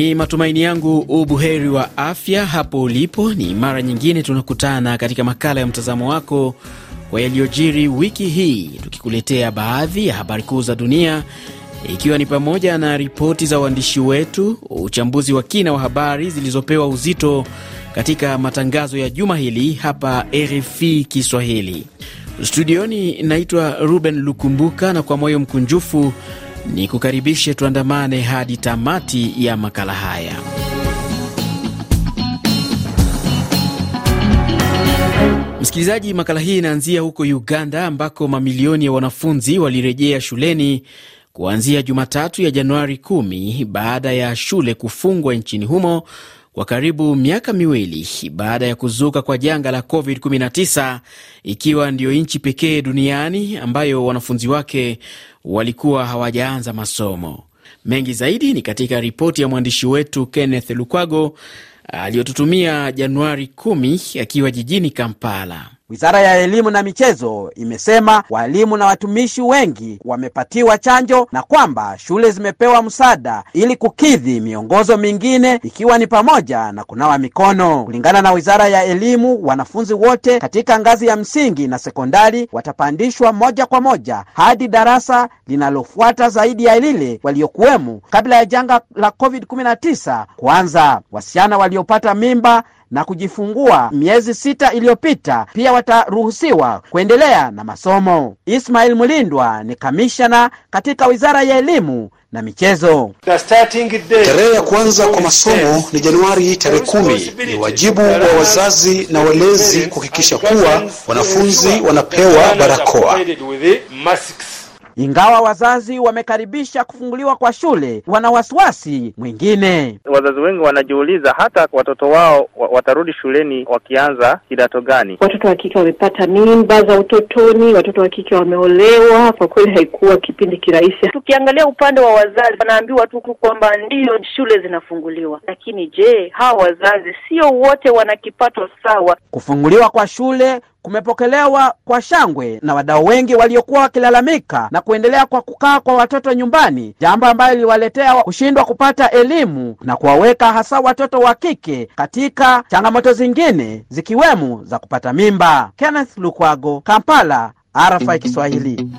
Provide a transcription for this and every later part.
Ni matumaini yangu ubuheri wa afya hapo ulipo. Ni mara nyingine tunakutana katika makala ya mtazamo wako kwa yaliyojiri wiki hii, tukikuletea baadhi ya habari kuu za dunia, ikiwa ni pamoja na ripoti za waandishi wetu, uchambuzi wa kina wa habari zilizopewa uzito katika matangazo ya juma hili hapa RFI Kiswahili. Studioni naitwa Ruben Lukumbuka, na kwa moyo mkunjufu ni kukaribishe tuandamane hadi tamati ya makala haya. Msikilizaji, makala hii inaanzia huko Uganda ambako mamilioni ya wanafunzi walirejea shuleni kuanzia Jumatatu ya Januari 1 baada ya shule kufungwa nchini humo kwa karibu miaka miwili baada ya kuzuka kwa janga la COVID-19, ikiwa ndiyo nchi pekee duniani ambayo wanafunzi wake walikuwa hawajaanza masomo. Mengi zaidi ni katika ripoti ya mwandishi wetu Kenneth Lukwago aliyotutumia Januari 10 akiwa jijini Kampala. Wizara ya Elimu na Michezo imesema walimu na watumishi wengi wamepatiwa chanjo na kwamba shule zimepewa msaada ili kukidhi miongozo mingine ikiwa ni pamoja na kunawa mikono. Kulingana na Wizara ya Elimu, wanafunzi wote katika ngazi ya msingi na sekondari watapandishwa moja kwa moja hadi darasa linalofuata zaidi ya lile waliokuwemo kabla ya janga la COVID-19 kuanza. Wasichana waliopata mimba na kujifungua miezi sita iliyopita pia wataruhusiwa kuendelea na masomo. Ismail Mulindwa ni kamishna katika Wizara ya Elimu na michezo. Tarehe ya kwanza kwa masomo ni Januari tarehe kumi. Ni wajibu wa wazazi na walezi kuhakikisha kuwa wanafunzi wanapewa barakoa. Ingawa wazazi wamekaribisha kufunguliwa kwa shule, wana wasiwasi mwingine. Wazazi wengi wanajiuliza hata watoto wao watarudi shuleni wakianza kidato gani. Watoto wa kike wamepata mimba za utotoni, watoto wa kike wameolewa. Kwa kweli haikuwa kipindi kirahisi. Tukiangalia upande wa wazazi, wanaambiwa tuku kwamba ndiyo shule zinafunguliwa, lakini je, hawa wazazi sio wote wana kipato sawa? Kufunguliwa kwa shule kumepokelewa kwa shangwe na wadau wengi waliokuwa wakilalamika na kuendelea kwa kukaa kwa watoto nyumbani, jambo ambayo iliwaletea kushindwa kupata elimu na kuwaweka hasa watoto wa kike katika changamoto zingine zikiwemo za kupata mimba. Kenneth Lukwago, Kampala, RFI Kiswahili.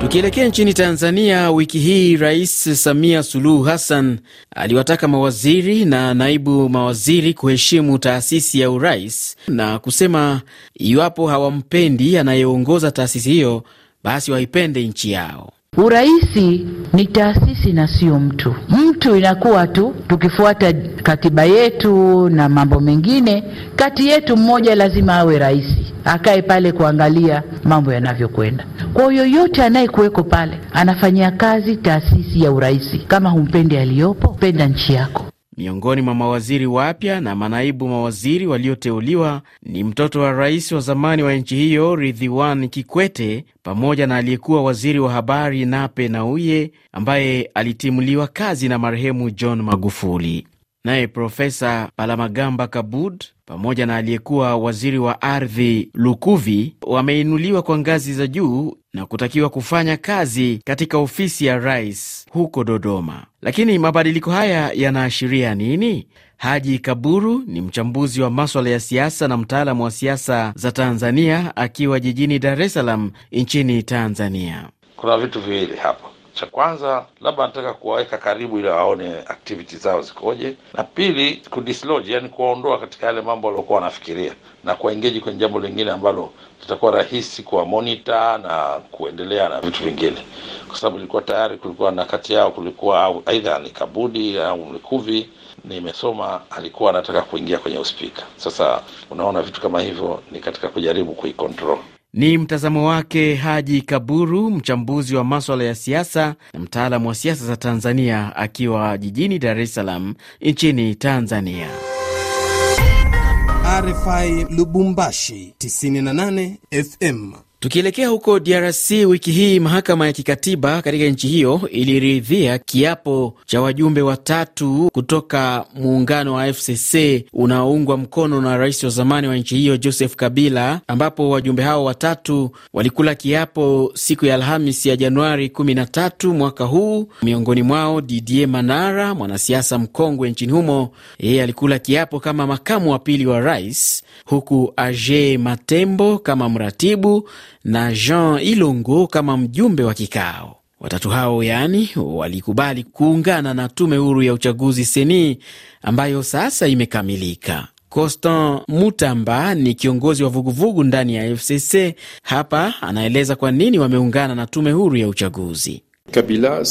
Tukielekea nchini Tanzania, wiki hii Rais Samia Suluhu Hassan aliwataka mawaziri na naibu mawaziri kuheshimu taasisi ya urais na kusema iwapo hawampendi anayeongoza taasisi hiyo, basi waipende nchi yao. urahisi ni taasisi na sio mtu. Mtu inakuwa tu, tukifuata katiba yetu na mambo mengine, kati yetu mmoja lazima awe rais, akae pale kuangalia mambo yanavyokwenda. Kwa hiyo yoyote anayekuweko pale anafanyia kazi taasisi ya uraisi. Kama humpendi aliyopo, penda nchi yako. Miongoni mwa mawaziri wapya na manaibu mawaziri walioteuliwa ni mtoto wa rais wa zamani wa nchi hiyo Ridhiwan Kikwete pamoja na aliyekuwa waziri wa habari Nape Nnauye ambaye alitimuliwa kazi na marehemu John Magufuli naye Profesa Palamagamba Kabud pamoja na aliyekuwa waziri wa ardhi Lukuvi wameinuliwa kwa ngazi za juu na kutakiwa kufanya kazi katika ofisi ya rais huko Dodoma. Lakini mabadiliko haya yanaashiria nini? Haji Kaburu ni mchambuzi wa maswala ya siasa na mtaalamu wa siasa za Tanzania akiwa jijini Dar es Salaam nchini Tanzania. Kuna vitu viwili hapo cha kwanza labda nataka kuwaweka karibu ili waone activity zao zikoje, na pili kudislodge, yani kuwaondoa katika yale mambo waliokuwa wanafikiria na kuwaengeji kwenye jambo lingine ambalo litakuwa rahisi kuwa monita na kuendelea na vitu vingine, kwa sababu ilikuwa tayari kulikuwa na kati yao kulikuwa aidha ni Kabudi au Mlikuvi nimesoma alikuwa anataka kuingia kwenye uspika. Sasa unaona vitu kama hivyo ni katika kujaribu kuikontrol ni mtazamo wake Haji Kaburu, mchambuzi wa maswala ya siasa na mtaalamu wa siasa za Tanzania, akiwa jijini Dar es Salaam nchini Tanzania. RFI Lubumbashi 98 FM. Tukielekea huko DRC, wiki hii mahakama ya kikatiba katika nchi hiyo iliridhia kiapo cha wajumbe watatu kutoka muungano wa FCC unaoungwa mkono na rais wa zamani wa nchi hiyo Joseph Kabila, ambapo wajumbe hao watatu walikula kiapo siku ya Alhamis ya Januari 13 mwaka huu. Miongoni mwao Didier Manara, mwanasiasa mkongwe nchini humo, yeye alikula kiapo kama makamu wa pili wa rais, huku Age Matembo kama mratibu na Jean Ilongo kama mjumbe wa kikao. Watatu hao yaani walikubali kuungana na tume huru ya uchaguzi seni ambayo sasa imekamilika. costan Mutamba ni kiongozi wa vuguvugu ndani ya FCC. Hapa anaeleza kwa nini wameungana na tume huru ya uchaguzi. Kabila,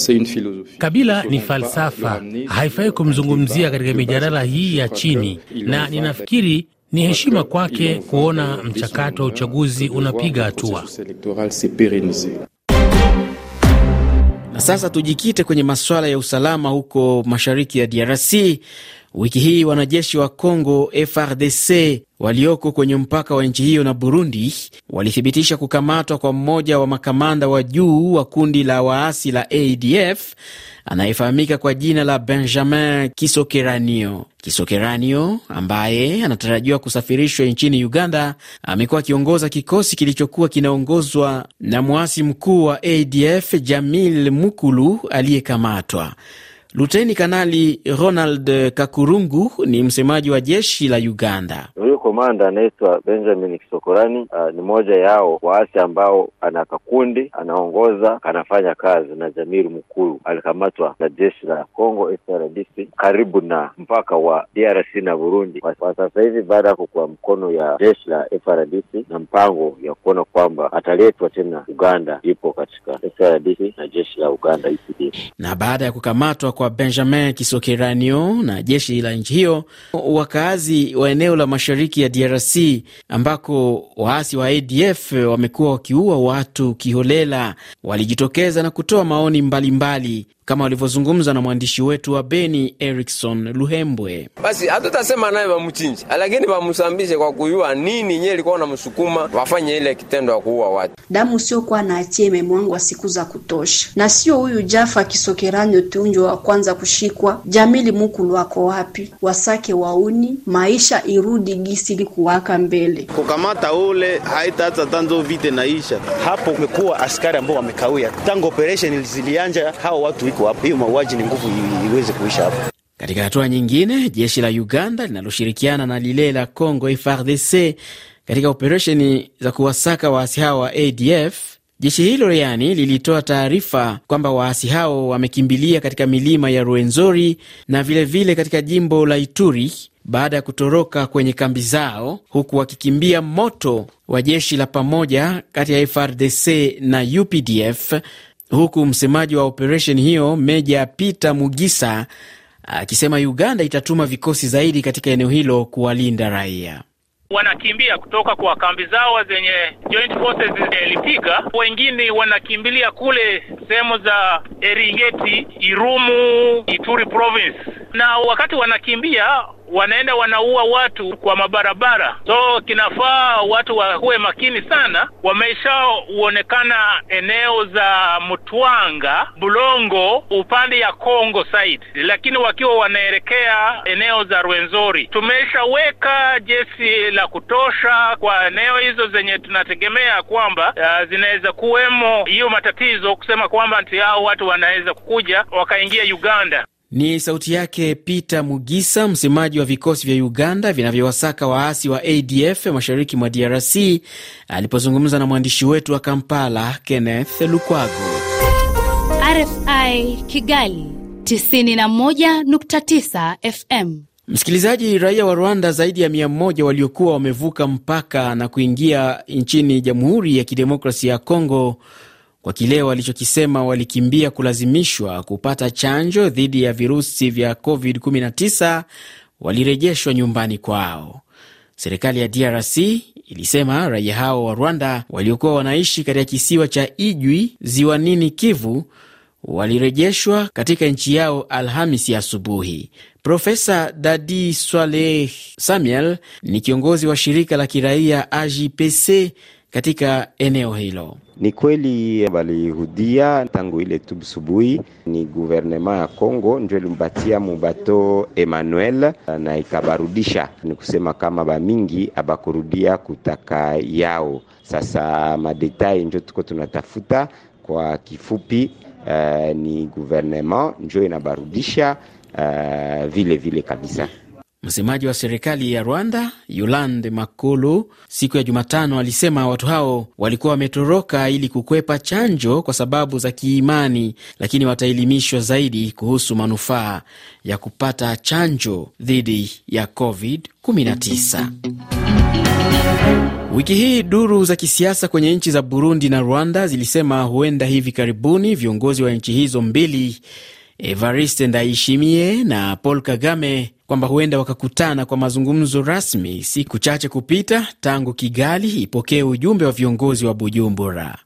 Kabila ni falsafa, haifai kumzungumzia katika mijadala hii ya chini, na ninafikiri ni heshima kwake kuona mchakato wa uchaguzi unapiga hatua. Na sasa tujikite kwenye masuala ya usalama huko mashariki ya DRC Wiki hii wanajeshi wa Congo FRDC walioko kwenye mpaka wa nchi hiyo na Burundi walithibitisha kukamatwa kwa mmoja wa makamanda wa juu wa kundi la waasi la ADF anayefahamika kwa jina la Benjamin Kisokeranio. Kisokeranio ambaye anatarajiwa kusafirishwa nchini Uganda amekuwa akiongoza kikosi kilichokuwa kinaongozwa na mwasi mkuu wa ADF Jamil Mukulu aliyekamatwa. Luteni Kanali Ronald Kakurungu ni msemaji wa jeshi la Uganda komanda anaitwa Benjamin Kisokorani. Uh, ni moja yao waasi ambao ana kakundi anaongoza anafanya kazi na jamiri mkuu Alikamatwa na jeshi la Congo srdc karibu na mpaka wa DRC na Burundi. Kwa sasa hivi baada yako kwa mkono ya jeshi la frdc na mpango ya kuona kwamba ataletwa tena Uganda, ipo katika FARDC na jeshi la Uganda UPD. Na baada ya kukamatwa kwa Benjamin Kisokeranio na jeshi la nchi hiyo, wakaazi wa eneo la mashariki mashariki ya DRC ambako waasi wa ADF wamekuwa wakiua watu kiholela, walijitokeza na kutoa maoni mbalimbali kama walivyozungumza na mwandishi wetu wa Beni Erikson Luhembwe. Basi hatutasema naye wamchinje, lakini wamsambishe kwa kuyua nini likuwa na namsukuma wafanye ile kitendo ya kuua watu. Damu siokuwa na hatia imemwangwa siku za kutosha, na sio huyu Jafa Kisokeranyo Tunjo wa kwanza kushikwa. Jamili Mukulu wako wapi? Wasake wauni maisha irudi gisi likuwaka mbele kukamata ule haita hata tanzo vite naisha hapo. Kumekuwa askari ambao wamekawia tangu operation zilianja, hao watu iko hapo. Hiyo mauaji ni nguvu iweze kuisha hapo. Katika hatua nyingine, jeshi la Uganda linaloshirikiana na lile la Congo frdc katika operesheni za kuwasaka waasi hao wa ADF Jeshi hilo yani lilitoa taarifa kwamba waasi hao wamekimbilia katika milima ya Ruenzori na vilevile vile katika jimbo la Ituri baada ya kutoroka kwenye kambi zao, huku wakikimbia moto wa jeshi la pamoja kati ya FRDC na UPDF huku msemaji wa operesheni hiyo Meja Peter Mugisa akisema Uganda itatuma vikosi zaidi katika eneo hilo kuwalinda raia wanakimbia kutoka kwa kambi zao zenye joint forces zilipiga. Wengine wanakimbilia kule sehemu za Eringeti, Irumu, Ituri province, na wakati wanakimbia wanaenda wanaua watu kwa mabarabara. So kinafaa watu wakuwe makini sana. Wameshaonekana eneo za Mtwanga, Bulongo, upande ya Kongo side, lakini wakiwa wanaelekea eneo za Rwenzori. Tumeshaweka jeshi la kutosha kwa eneo hizo zenye tunategemea kwamba uh, zinaweza kuwemo hiyo matatizo, kusema kwamba nti hao watu wanaweza kukuja wakaingia Uganda. Ni sauti yake Peter Mugisa, msemaji wa vikosi vya Uganda vinavyowasaka waasi wa ADF mashariki mwa DRC, alipozungumza na mwandishi wetu wa Kampala, Kenneth Lukwago. RFI Kigali 91.9 FM. Msikilizaji, raia wa Rwanda zaidi ya mia moja waliokuwa wamevuka mpaka na kuingia nchini Jamhuri ya Kidemokrasia ya Kongo kwa kile walichokisema walikimbia kulazimishwa kupata chanjo dhidi ya virusi vya COVID-19 walirejeshwa nyumbani kwao. Serikali ya DRC ilisema raia hao wa Rwanda waliokuwa wanaishi katika kisiwa cha Ijwi ziwanini Kivu walirejeshwa katika nchi yao Alhamisi ya asubuhi. Profesa Dadi Swaleh Samuel ni kiongozi wa shirika la kiraia AJPC katika eneo hilo. Ni kweli walihudia tangu ile tu subuhi, ni guvernema ya congo ndio ilimpatia mubato Emmanuel na ikabarudisha, ni kusema kama bamingi abakurudia kutaka yao. Sasa madetai ndio tuko tunatafuta kwa kifupi. Uh, ni guvernema ndio inabarudisha uh, vile vile kabisa. Msemaji wa serikali ya Rwanda Yolande Makulu siku ya Jumatano alisema watu hao walikuwa wametoroka ili kukwepa chanjo kwa sababu za kiimani, lakini wataelimishwa zaidi kuhusu manufaa ya kupata chanjo dhidi ya COVID-19. Wiki hii duru za kisiasa kwenye nchi za Burundi na Rwanda zilisema huenda hivi karibuni viongozi wa nchi hizo mbili Evariste Ndayishimiye na Paul Kagame kwamba huenda wakakutana kwa mazungumzo rasmi siku chache kupita tangu Kigali ipokee ujumbe wa viongozi wa Bujumbura.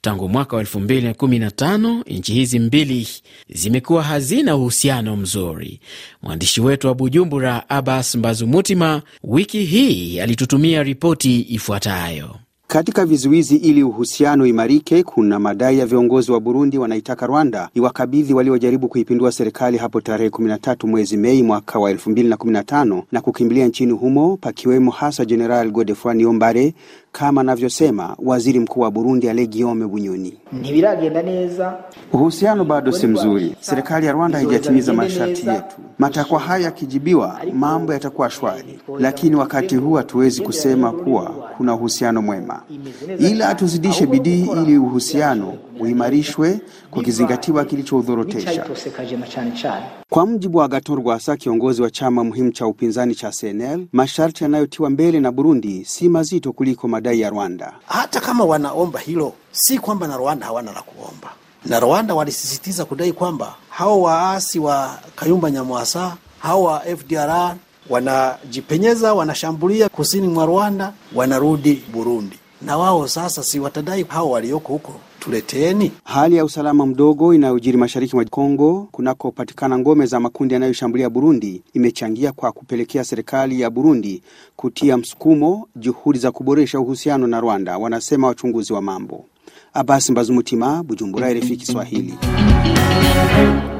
Tangu mwaka wa 2015 nchi hizi mbili zimekuwa hazina uhusiano mzuri. Mwandishi wetu wa Bujumbura, Abbas Mbazumutima, wiki hii alitutumia ripoti ifuatayo. Katika vizuizi ili uhusiano imarike, kuna madai ya viongozi wa Burundi wanaitaka Rwanda iwakabidhi waliojaribu kuipindua serikali hapo tarehe 13 mwezi Mei mwaka wa 2015 na kukimbilia nchini humo, pakiwemo hasa Jeneral Godefroid Niyombare, kama anavyosema waziri mkuu wa Burundi Ale giome Bunyoni. uhusiano bado si mzuri. Serikali ya Rwanda haijatimiza masharti yetu. Matakwa haya yakijibiwa, mambo yatakuwa shwari, lakini wakati huu hatuwezi kusema kuwa kuna uhusiano mwema, ila tuzidishe bidii ili uhusiano uimarishwe kukizingatiwa kilichodhorotesha. Kwa mjibu wa Agathon Rwasa, kiongozi wa chama muhimu cha upinzani cha CNL, masharti yanayotiwa mbele na Burundi si mazito kuliko madai ya Rwanda. Hata kama wanaomba hilo, si kwamba na Rwanda hawana la kuomba na Rwanda walisisitiza kudai kwamba hao waasi wa Kayumba Nyamwasa, hao wa FDR wanajipenyeza, wanashambulia kusini mwa Rwanda, wanarudi Burundi, na wao sasa si watadai hao walioko huko tuleteni. Hali ya usalama mdogo inayojiri mashariki mwa Kongo kunakopatikana ngome za makundi yanayoshambulia Burundi imechangia kwa kupelekea serikali ya Burundi kutia msukumo juhudi za kuboresha uhusiano na Rwanda, wanasema wachunguzi wa mambo. abas Mbazumutima, Bujumbura, RFI Kiswahili.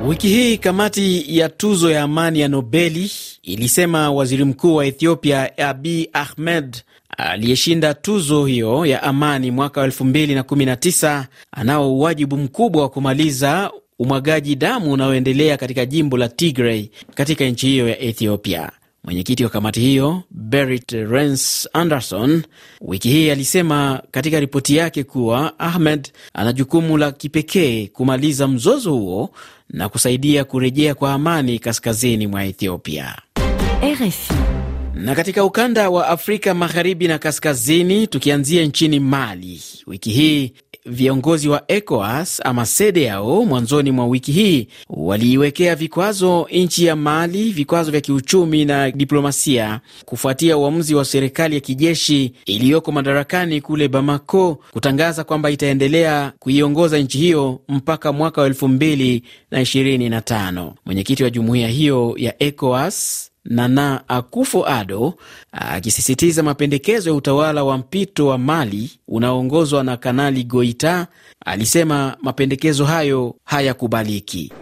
Wiki hii kamati ya tuzo ya amani ya Nobeli ilisema waziri mkuu wa Ethiopia Abiy Ahmed aliyeshinda tuzo hiyo ya amani mwaka 219 2019 anao uwajibu mkubwa wa kumaliza umwagaji damu unaoendelea katika jimbo la Tigray katika nchi hiyo ya Ethiopia. Mwenyekiti wa kamati hiyo Berit Rens Anderson wiki hii alisema katika ripoti yake kuwa Ahmed ana jukumu la kipekee kumaliza mzozo huo na kusaidia kurejea kwa amani kaskazini mwa Ethiopia. RFI. Na katika ukanda wa Afrika magharibi na kaskazini, tukianzia nchini Mali, wiki hii viongozi wa ECOWAS ama CEDEAO mwanzoni mwa wiki hii waliiwekea vikwazo nchi ya Mali, vikwazo vya kiuchumi na diplomasia, kufuatia uamuzi wa serikali ya kijeshi iliyoko madarakani kule Bamako kutangaza kwamba itaendelea kuiongoza nchi hiyo mpaka mwaka wa 2025. Mwenyekiti wa jumuiya hiyo ya ECOWAS Nana Akufo-Addo ah, akisisitiza mapendekezo ya utawala wa mpito wa Mali unaoongozwa na Kanali Goita, alisema mapendekezo hayo hayakubaliki.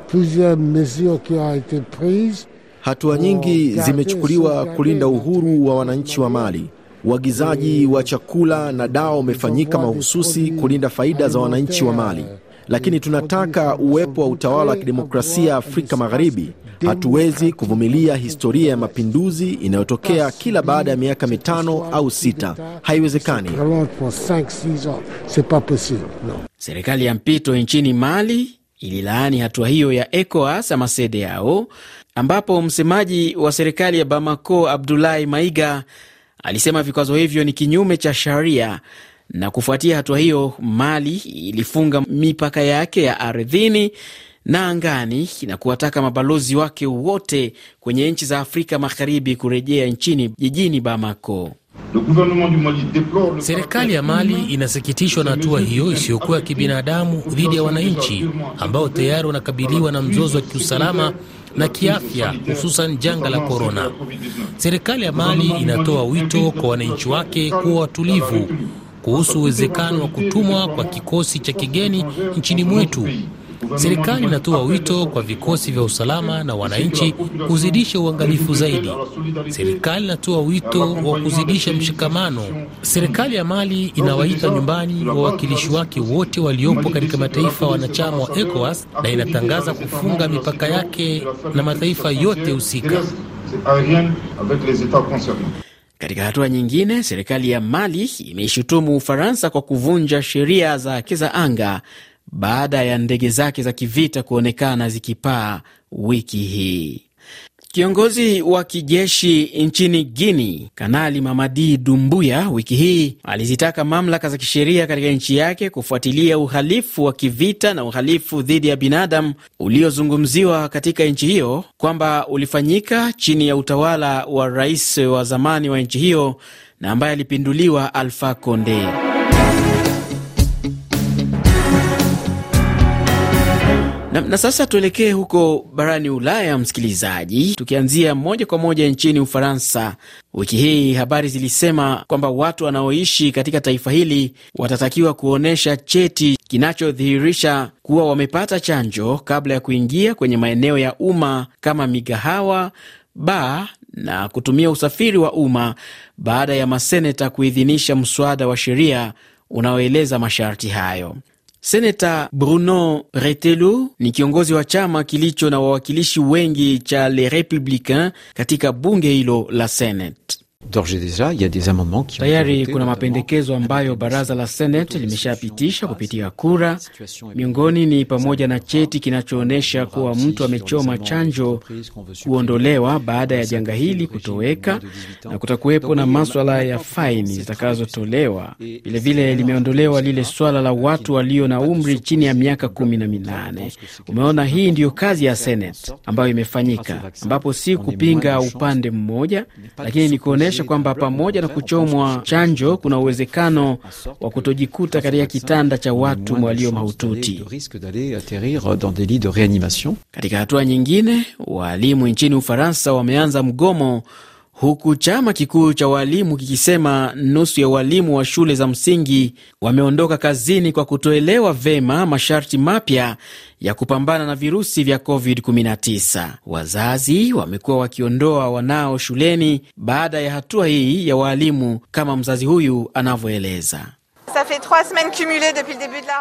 Hatua nyingi zimechukuliwa kulinda uhuru wa wananchi wa Mali. Uagizaji wa chakula na dawa umefanyika mahususi kulinda faida za wananchi wa Mali, lakini tunataka uwepo wa utawala wa kidemokrasia Afrika Magharibi Hatuwezi kuvumilia historia ya mapinduzi inayotokea kila baada ya miaka mitano au sita. Haiwezekani. Serikali ya mpito nchini Mali ililaani hatua hiyo ya ECOWAS ama CEDEAO, ambapo msemaji wa serikali ya Bamako Abdulahi Maiga alisema vikwazo hivyo ni kinyume cha sharia na kufuatia hatua hiyo, Mali ilifunga mipaka yake ya ardhini na angani na kuwataka mabalozi wake wote kwenye nchi za Afrika Magharibi kurejea nchini jijini Bamako. Serikali ya Mali inasikitishwa na hatua hiyo isiyokuwa ya kibinadamu dhidi ya wananchi ambao tayari wanakabiliwa na mzozo wa kiusalama na kiafya, hususan janga la korona. Serikali ya Mali inatoa wito kwa wananchi wake kuwa watulivu kuhusu uwezekano wa kutumwa kwa kikosi cha kigeni nchini mwetu Serikali inatoa wito kwa vikosi vya usalama na wananchi kuzidisha uangalifu zaidi. Serikali inatoa wito wa kuzidisha mshikamano. Serikali ya Mali inawaita nyumbani wawakilishi wake wote waliopo katika mataifa wanachama wa ECOWAS na inatangaza kufunga mipaka yake na mataifa yote husika. Katika hatua nyingine, serikali ya Mali imeishutumu Ufaransa kwa kuvunja sheria za kiza anga baada ya ndege zake za kivita kuonekana zikipaa wiki hii. Kiongozi wa kijeshi nchini Guini, Kanali Mamadi Dumbuya, wiki hii alizitaka mamlaka za kisheria katika nchi yake kufuatilia uhalifu wa kivita na uhalifu dhidi ya binadamu uliozungumziwa katika nchi hiyo kwamba ulifanyika chini ya utawala wa rais wa zamani wa nchi hiyo na ambaye alipinduliwa Alpha Konde. Na, na sasa tuelekee huko barani Ulaya, msikilizaji, tukianzia moja kwa moja nchini Ufaransa. Wiki hii habari zilisema kwamba watu wanaoishi katika taifa hili watatakiwa kuonyesha cheti kinachodhihirisha kuwa wamepata chanjo kabla ya kuingia kwenye maeneo ya umma kama migahawa, baa na kutumia usafiri wa umma baada ya maseneta kuidhinisha mswada wa sheria unaoeleza masharti hayo. Seneta Bruno Retelo ni kiongozi wa chama kilicho na wawakilishi wengi cha Les Republicains katika bunge hilo la Senate. Tayari kuna mapendekezo ambayo baraza la Senate limeshapitisha kupitia kura. Miongoni ni pamoja na cheti kinachoonyesha kuwa mtu amechoma chanjo kuondolewa baada ya janga hili kutoweka, na kutakuwepo na maswala ya faini zitakazotolewa. Vilevile limeondolewa lile swala la watu walio na umri chini ya miaka kumi na minane. Umeona, hii ndiyo kazi ya Senate ambayo imefanyika, ambapo si kupinga upande mmoja, lakini ni kuonyesha inaonyesha kwamba pamoja na kuchomwa chanjo, kuna uwezekano wa kutojikuta katika kitanda cha watu walio mahututi. Katika hatua nyingine, waalimu nchini Ufaransa wameanza mgomo huku chama kikuu cha walimu kikisema nusu ya walimu wa shule za msingi wameondoka kazini kwa kutoelewa vema masharti mapya ya kupambana na virusi vya COVID-19. Wazazi wamekuwa wakiondoa wanao shuleni baada ya hatua hii ya walimu, kama mzazi huyu anavyoeleza.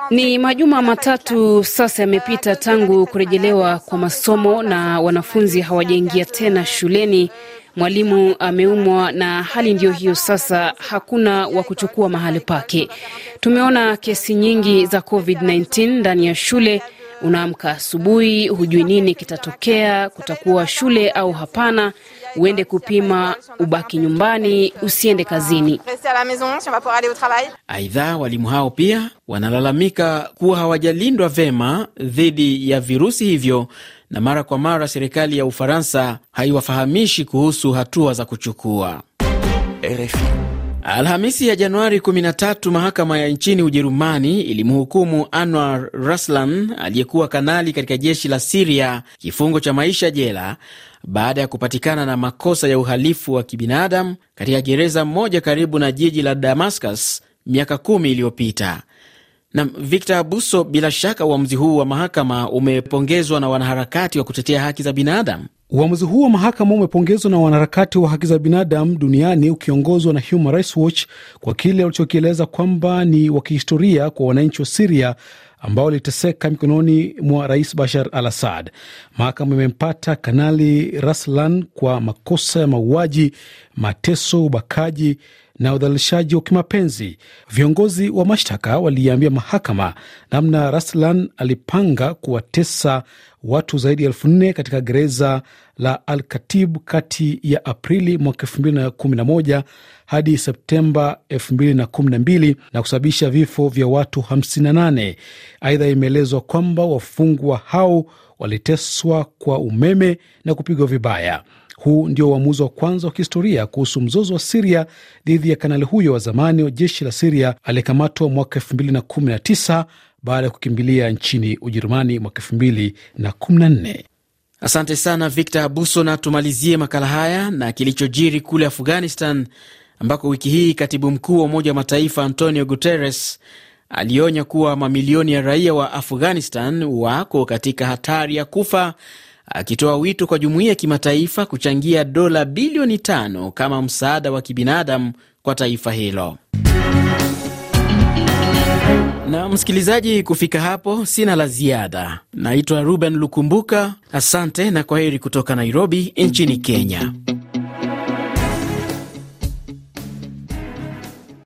Ni majuma matatu sasa yamepita tangu kurejelewa kwa masomo na wanafunzi hawajaingia tena shuleni Mwalimu ameumwa na hali ndiyo hiyo sasa, hakuna wa kuchukua mahali pake. Tumeona kesi nyingi za COVID-19 ndani ya shule. Unaamka asubuhi, hujui nini kitatokea, kutakuwa shule au hapana, uende kupima, ubaki nyumbani, usiende kazini. Aidha, walimu hao pia wanalalamika kuwa hawajalindwa vema dhidi ya virusi hivyo na mara kwa mara serikali ya Ufaransa haiwafahamishi kuhusu hatua za kuchukua. RFI. Alhamisi ya Januari 13 mahakama ya nchini Ujerumani ilimhukumu Anwar Raslan aliyekuwa kanali katika jeshi la Siria kifungo cha maisha jela baada ya kupatikana na makosa ya uhalifu wa kibinadamu katika gereza moja karibu na jiji la Damascus miaka kumi iliyopita. Na Victor Abuso, bila shaka uamuzi huu wa mahakama umepongezwa na wanaharakati wa kutetea haki za binadamu. Uamuzi huu wa mahakama umepongezwa na wanaharakati wa haki za binadamu duniani ukiongozwa na Human Rights Watch kwa kile walichokieleza kwamba ni wa kihistoria kwa wananchi wa Siria ambao waliteseka mikononi mwa Rais Bashar al Assad. Mahakama imempata Kanali Raslan kwa makosa ya mauaji, mateso, ubakaji na udhalilishaji wa kimapenzi. Viongozi wa mashtaka waliiambia mahakama namna Raslan alipanga kuwatesa watu zaidi ya elfu nne katika gereza la Al-Katib kati ya Aprili mwaka hadi Septemba 212 na kusababisha vifo vya watu 58. Aidha, imeelezwa kwamba wafungwa hao waliteswa kwa umeme na kupigwa vibaya. Huu ndio uamuzi wa kwanza wa kihistoria kuhusu mzozo wa Siria dhidi ya kanali huyo wa zamani wa jeshi la Siria aliyekamatwa mwaka tisa baada ya kukimbilia nchini Ujerumani mwaka nne. Asante sana Victor Abuso, na tumalizie makala haya na kilichojiri kule Afghanistan ambako wiki hii katibu mkuu wa Umoja wa Mataifa Antonio Guterres alionya kuwa mamilioni ya raia wa Afghanistan wako katika hatari ya kufa akitoa wito kwa jumuiya ya kimataifa kuchangia dola bilioni tano kama msaada wa kibinadamu kwa taifa hilo. Na msikilizaji, kufika hapo sina la ziada. Naitwa Ruben Lukumbuka, asante na kwa heri kutoka Nairobi nchini Kenya.